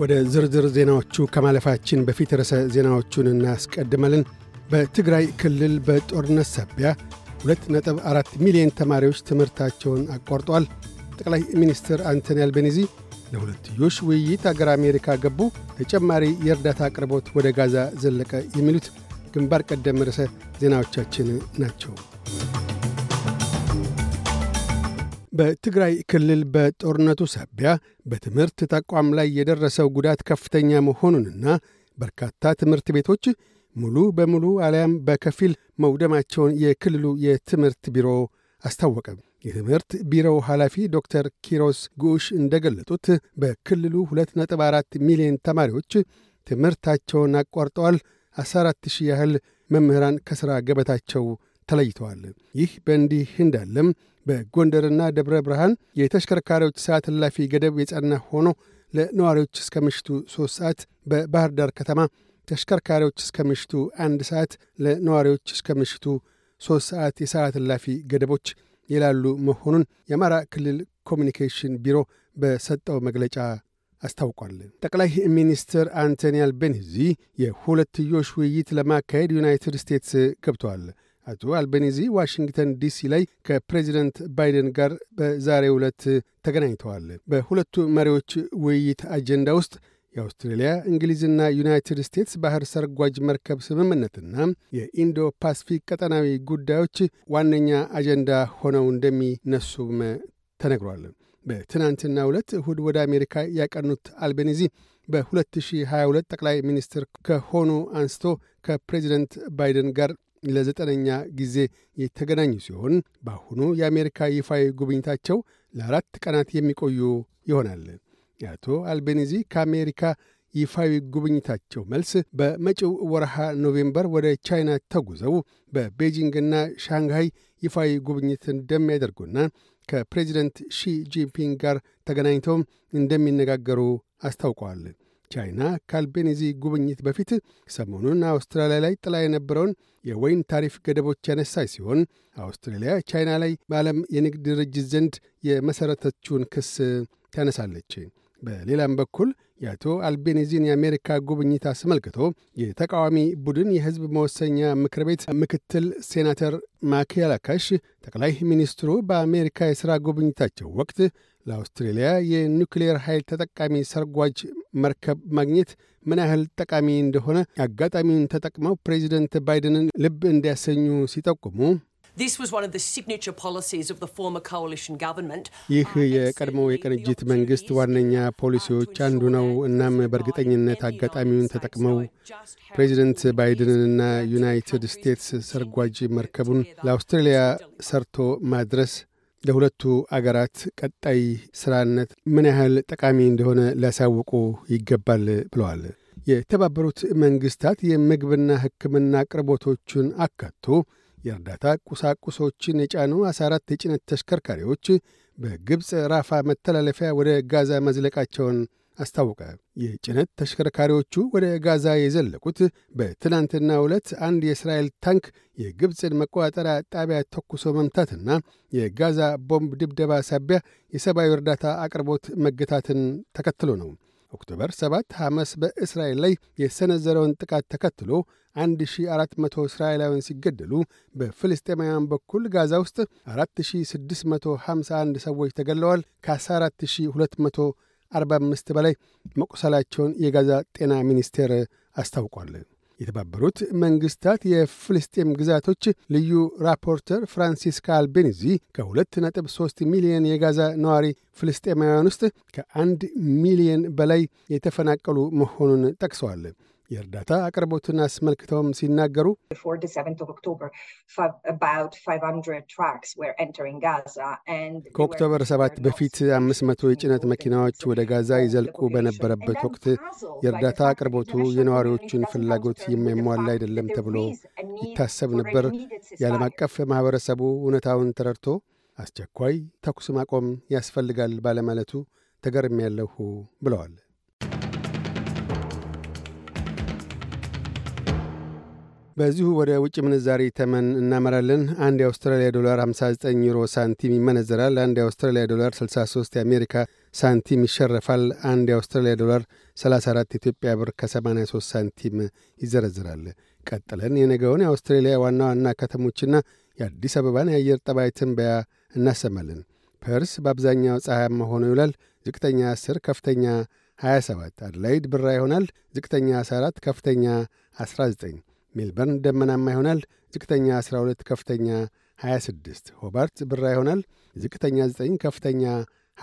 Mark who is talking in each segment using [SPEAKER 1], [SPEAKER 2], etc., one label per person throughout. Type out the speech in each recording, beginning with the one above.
[SPEAKER 1] ወደ ዝርዝር ዜናዎቹ ከማለፋችን በፊት ርዕሰ ዜናዎቹን እናስቀድማለን። በትግራይ ክልል በጦርነት ሰቢያ 2.4 ሚሊዮን ተማሪዎች ትምህርታቸውን አቋርጠዋል። ጠቅላይ ሚኒስትር አንቶኒ አልቤኒዚ ለሁለትዮሽ ውይይት አገር አሜሪካ ገቡ። ተጨማሪ የእርዳታ አቅርቦት ወደ ጋዛ ዘለቀ። የሚሉት ግንባር ቀደም ርዕሰ ዜናዎቻችን ናቸው። በትግራይ ክልል በጦርነቱ ሳቢያ በትምህርት ተቋም ላይ የደረሰው ጉዳት ከፍተኛ መሆኑንና በርካታ ትምህርት ቤቶች ሙሉ በሙሉ አሊያም በከፊል መውደማቸውን የክልሉ የትምህርት ቢሮ አስታወቀ። የትምህርት ቢሮው ኃላፊ ዶክተር ኪሮስ ጉሽ እንደገለጡት በክልሉ 2.4 ሚሊዮን ተማሪዎች ትምህርታቸውን አቋርጠዋል። 14 ሺህ ያህል መምህራን ከሥራ ገበታቸው ተለይተዋል። ይህ በእንዲህ እንዳለም በጎንደርና ደብረ ብርሃን የተሽከርካሪዎች ሰዓት እላፊ ገደብ የጸና ሆኖ ለነዋሪዎች እስከ ምሽቱ ሦስት ሰዓት፣ በባህር ዳር ከተማ ተሽከርካሪዎች እስከ ምሽቱ አንድ ሰዓት፣ ለነዋሪዎች እስከ ምሽቱ ሦስት ሰዓት የሰዓት እላፊ ገደቦች ይላሉ መሆኑን የአማራ ክልል ኮሚኒኬሽን ቢሮ በሰጠው መግለጫ አስታውቋል። ጠቅላይ ሚኒስትር አንቶኒ አልቤኒዚ የሁለትዮሽ ውይይት ለማካሄድ ዩናይትድ ስቴትስ ገብተዋል። አቶ አልቤኒዚ ዋሽንግተን ዲሲ ላይ ከፕሬዚደንት ባይደን ጋር በዛሬ ዕለት ተገናኝተዋል። በሁለቱ መሪዎች ውይይት አጀንዳ ውስጥ የአውስትሬልያ እንግሊዝና ዩናይትድ ስቴትስ ባህር ሰርጓጅ መርከብ ስምምነትና የኢንዶ ፓስፊክ ቀጠናዊ ጉዳዮች ዋነኛ አጀንዳ ሆነው እንደሚነሱም ተነግሯል። በትናንትና ሁለት እሁድ ወደ አሜሪካ ያቀኑት አልቤኒዚ በ2022 ጠቅላይ ሚኒስትር ከሆኑ አንስቶ ከፕሬዚደንት ባይደን ጋር ለዘጠነኛ ጊዜ የተገናኙ ሲሆን በአሁኑ የአሜሪካ ይፋዊ ጉብኝታቸው ለአራት ቀናት የሚቆዩ ይሆናል። የአቶ አልቤኒዚ ከአሜሪካ ይፋዊ ጉብኝታቸው መልስ በመጪው ወረሃ ኖቬምበር ወደ ቻይና ተጉዘው በቤጂንግና ሻንግሃይ ይፋዊ ጉብኝት እንደሚያደርጉና ከፕሬዚደንት ሺ ጂንፒንግ ጋር ተገናኝተውም እንደሚነጋገሩ አስታውቀዋል። ቻይና ከአልቤኒዚ ጉብኝት በፊት ሰሞኑን አውስትራሊያ ላይ ጥላ የነበረውን የወይን ታሪፍ ገደቦች ያነሳች ሲሆን አውስትራሊያ ቻይና ላይ በዓለም የንግድ ድርጅት ዘንድ የመሠረተችውን ክስ ታነሳለች። በሌላም በኩል የአቶ አልቤኒዚን የአሜሪካ ጉብኝት አስመልክቶ የተቃዋሚ ቡድን የሕዝብ መወሰኛ ምክር ቤት ምክትል ሴናተር ማኪያላካሽ ጠቅላይ ሚኒስትሩ በአሜሪካ የሥራ ጉብኝታቸው ወቅት ለአውስትሬልያ የኒውክሌር ኃይል ተጠቃሚ ሰርጓጅ መርከብ ማግኘት ምን ያህል ጠቃሚ እንደሆነ አጋጣሚውን ተጠቅመው ፕሬዚደንት ባይደንን ልብ እንዲያሰኙ ሲጠቁሙ ይህ uh, የቀድሞው የቅንጅት መንግሥት ዋነኛ ፖሊሲዎች አንዱ ነው። እናም በእርግጠኝነት አጋጣሚውን ተጠቅመው ፕሬዚደንት ባይደንንና ዩናይትድ ስቴትስ ሰርጓጅ መርከቡን ለአውስትሬልያ ሰርቶ ማድረስ ለሁለቱ አገራት ቀጣይ ስራነት ምን ያህል ጠቃሚ እንደሆነ ሊያሳውቁ ይገባል ብለዋል። የተባበሩት መንግስታት የምግብና ሕክምና አቅርቦቶችን አካቶ የእርዳታ ቁሳቁሶችን የጫኑ 14 የጭነት ተሽከርካሪዎች በግብፅ ራፋ መተላለፊያ ወደ ጋዛ መዝለቃቸውን አስታወቀ። የጭነት ተሽከርካሪዎቹ ወደ ጋዛ የዘለቁት በትናንትና ዕለት አንድ የእስራኤል ታንክ የግብፅን መቆጣጠሪያ ጣቢያ ተኩሶ መምታትና የጋዛ ቦምብ ድብደባ ሳቢያ የሰብአዊ እርዳታ አቅርቦት መገታትን ተከትሎ ነው። ኦክቶበር 7 ሐማስ በእስራኤል ላይ የሰነዘረውን ጥቃት ተከትሎ 1400 እስራኤላውያን ሲገደሉ በፍልስጤማውያን በኩል ጋዛ ውስጥ 4651 ሰዎች ተገለዋል ከ ከ14200 45 በላይ መቁሰላቸውን የጋዛ ጤና ሚኒስቴር አስታውቋል። የተባበሩት መንግስታት የፍልስጤም ግዛቶች ልዩ ራፖርተር ፍራንሲስካ አልቤኒዚ ከ2.3 ሚሊዮን የጋዛ ነዋሪ ፍልስጤማውያን ውስጥ ከአንድ ሚሊዮን በላይ የተፈናቀሉ መሆኑን ጠቅሰዋል። የእርዳታ አቅርቦትን አስመልክተውም ሲናገሩ ከኦክቶበር 7 በፊት 500 የጭነት መኪናዎች ወደ ጋዛ ይዘልቁ በነበረበት ወቅት የእርዳታ አቅርቦቱ የነዋሪዎቹን ፍላጎት የማይሟላ አይደለም ተብሎ ይታሰብ ነበር። የዓለም አቀፍ ማኅበረሰቡ እውነታውን ተረድቶ አስቸኳይ ተኩስ ማቆም ያስፈልጋል ባለማለቱ ተገርሜያለሁ ብለዋል። በዚሁ ወደ ውጭ ምንዛሪ ተመን እናመራለን። አንድ የአውስትራሊያ ዶላር 59 ዩሮ ሳንቲም ይመነዘራል። አንድ የአውስትራሊያ ዶላር 63 የአሜሪካ ሳንቲም ይሸረፋል። አንድ የአውስትራሊያ ዶላር 34 ኢትዮጵያ ብር ከ83 ሳንቲም ይዘረዝራል። ቀጥለን የነገውን የአውስትሬሊያ ዋና ዋና ከተሞችና የአዲስ አበባን የአየር ጠባይ ትንበያ እናሰማለን። ፐርስ በአብዛኛው ፀሐያማ ሆኖ ይውላል። ዝቅተኛ 10፣ ከፍተኛ 27። አድላይድ ብራ ይሆናል። ዝቅተኛ 14፣ ከፍተኛ 19 ሜልበርን ደመናማ ይሆናል። ዝቅተኛ 12፣ ከፍተኛ 26። ሆባርት ብራ ይሆናል። ዝቅተኛ 9፣ ከፍተኛ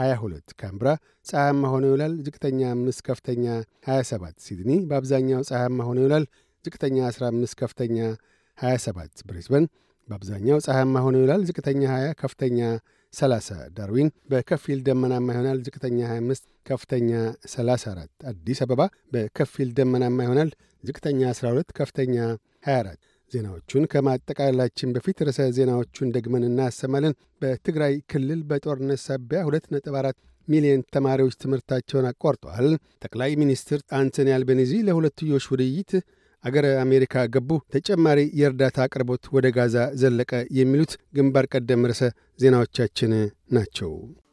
[SPEAKER 1] 22። ካምብራ ፀሐያማ ሆኖ ይውላል። ዝቅተኛ 5፣ ከፍተኛ 27። ሲድኒ በአብዛኛው ፀሐያማ ሆኖ ይውላል። ዝቅተኛ 15፣ ከፍተኛ 27። ብሬስበን በአብዛኛው ፀሐያማ ሆኖ ይውላል። ዝቅተኛ 20፣ ከፍተኛ 30። ዳርዊን በከፊል ደመናማ ይሆናል። ዝቅተኛ 25 ከፍተኛ 34። አዲስ አበባ በከፊል ደመናማ ይሆናል። ዝቅተኛ 12፣ ከፍተኛ 24። ዜናዎቹን ከማጠቃለላችን በፊት ርዕሰ ዜናዎቹን ደግመን እናሰማለን። በትግራይ ክልል በጦርነት ሳቢያ 2.4 ሚሊዮን ተማሪዎች ትምህርታቸውን አቋርጠዋል። ጠቅላይ ሚኒስትር አንቶኒ አልቤኒዚ ለሁለትዮሽ ውድይት አገረ አሜሪካ ገቡ። ተጨማሪ የእርዳታ አቅርቦት ወደ ጋዛ ዘለቀ። የሚሉት ግንባር ቀደም ርዕሰ ዜናዎቻችን ናቸው።